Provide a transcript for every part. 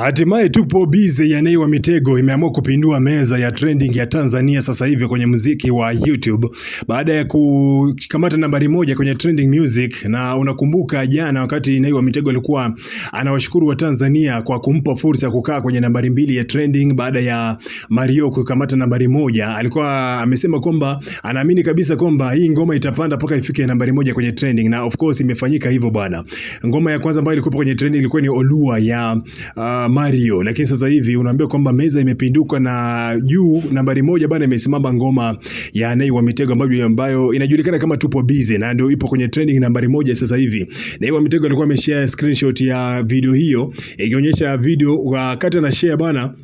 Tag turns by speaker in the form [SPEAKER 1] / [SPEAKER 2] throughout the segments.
[SPEAKER 1] Hatimaye tupo bize ya Nay wa Mitego imeamua kupindua meza ya trending ya Tanzania sasa hivi kwenye muziki wa YouTube baada ya kukamata nambari moja kwenye trending music. Na unakumbuka jana wakati Nay wa Mitego alikuwa anawashukuru wa Tanzania kwa kumpa fursa ya kukaa kwenye nambari mbili ya trending baada ya Mario kukamata nambari moja, alikuwa amesema kwamba anaamini kabisa kwamba hii ngoma itapanda mpaka ifike nambari moja kwenye trending, na of course imefanyika hivyo bwana. Ngoma ya kwanza ambayo ilikuwa kwenye trending ilikuwa ni Olua ya uh, Mario, lakini sasa hivi unaambiwa kwamba meza imepinduka na juu nambari moja bana imesimama ngoma ya Nay wa Mitego ambayo ambayo inajulikana kama tupo busy na ndio ipo kwenye trending nambari moja sasa hivi. Nay wa Mitego alikuwa ameshare screenshot ya video hiyo ikionyesha video wakati uh, na share bana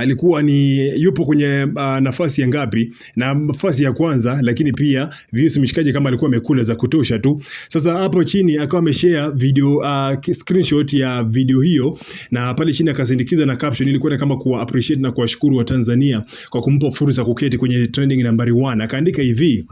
[SPEAKER 1] alikuwa ni yupo kwenye uh, nafasi ya ngapi? Na nafasi ya kwanza, lakini pia views mshikaji kama alikuwa amekula za kutosha tu. Sasa hapo chini akawa ameshare video uh, screenshot ya video hiyo, na pale chini akasindikiza na caption ilikuwa kama kuwa appreciate na kuwashukuru wa Tanzania kwa kumpa fursa kuketi kwenye trending nambari 1 akaandika hivi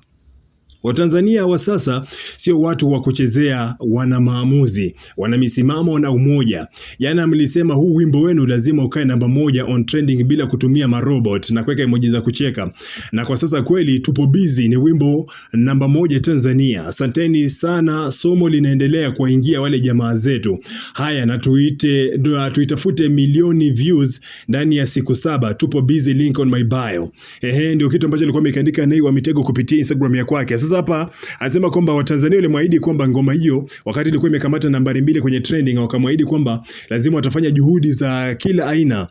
[SPEAKER 1] Watanzania wa sasa sio watu wa kuchezea, wana maamuzi, wana misimamo na umoja. Yaani mlisema huu wimbo wenu lazima ukae namba moja on trending bila kutumia marobot na kuweka emoji za kucheka, na kwa sasa kweli tupo busy, ni wimbo namba moja Tanzania. Asanteni sana, somo linaendelea kuwaingia wale jamaa zetu. Haya, na tuite tuitafute milioni views ndani ya siku saba. Tupo busy, link on my bio. Ehe, ndio kitu ambacho alikuwa amekiandika Nay wa Mitego kupitia Instagram ya kwake sasa kwanza hapa anasema kwamba Watanzania walimwahidi kwamba ngoma hiyo wakati ilikuwa imekamata nambari mbili kwenye trending, wakamwahidi kwamba lazima watafanya juhudi za kila aina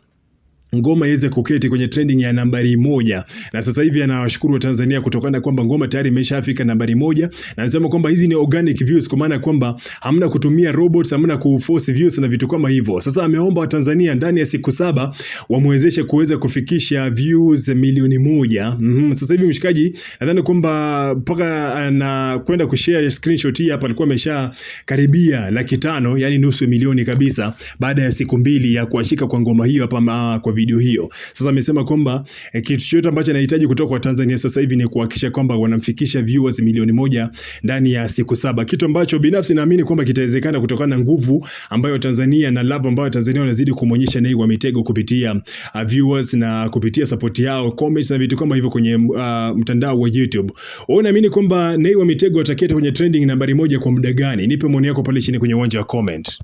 [SPEAKER 1] Ngoma iweze kuketi kwenye trending ya nambari moja. Na sasa hivi anawashukuru Tanzania kutokana kwamba ngoma tayari imeshafika nambari moja, na anasema kwamba hizi ni organic views, kwa maana kwamba hamna kutumia robots, hamna kuforce views na vitu kama hivyo. Sasa ameomba Tanzania ndani ya siku saba wamwezeshe kuweza kufikisha views milioni moja. Mm -hmm. Sasa hivi mshikaji, nadhani kwamba mpaka anakwenda eh, kushare screenshot hii hapa, alikuwa amesha karibia laki tano, yani nusu milioni kabisa, baada ya siku mbili ya kuashika kwa ngoma hiyo hapa ah, kwa video video hiyo. Sasa amesema kwamba eh, kitu chote ambacho anahitaji kutoka kwa Tanzania sasa hivi ni kuhakikisha kwamba wanamfikisha viewers milioni moja ndani ya siku saba, kitu ambacho binafsi naamini kwamba kitawezekana kutokana na nguvu ambayo Tanzania na love ambayo Tanzania wanazidi kumwonyesha Nay wa Mitego kupitia uh, viewers na kupitia support yao, comments na vitu kama hivyo kwenye uh, mtandao wa YouTube. Wewe unaamini kwamba Nay wa Mitego ataketa kwenye trending nambari moja kwa muda gani? Nipe maoni yako pale chini kwenye uwanja wa comment.